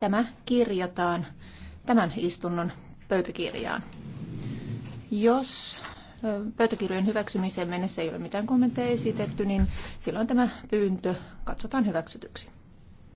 Tämä kirjataan tämän istunnon pöytäkirjaan. Jos pöytäkirjojen hyväksymiseen mennessä ei ole mitään kommentteja esitetty, niin silloin tämä pyyntö katsotaan hyväksytyksi.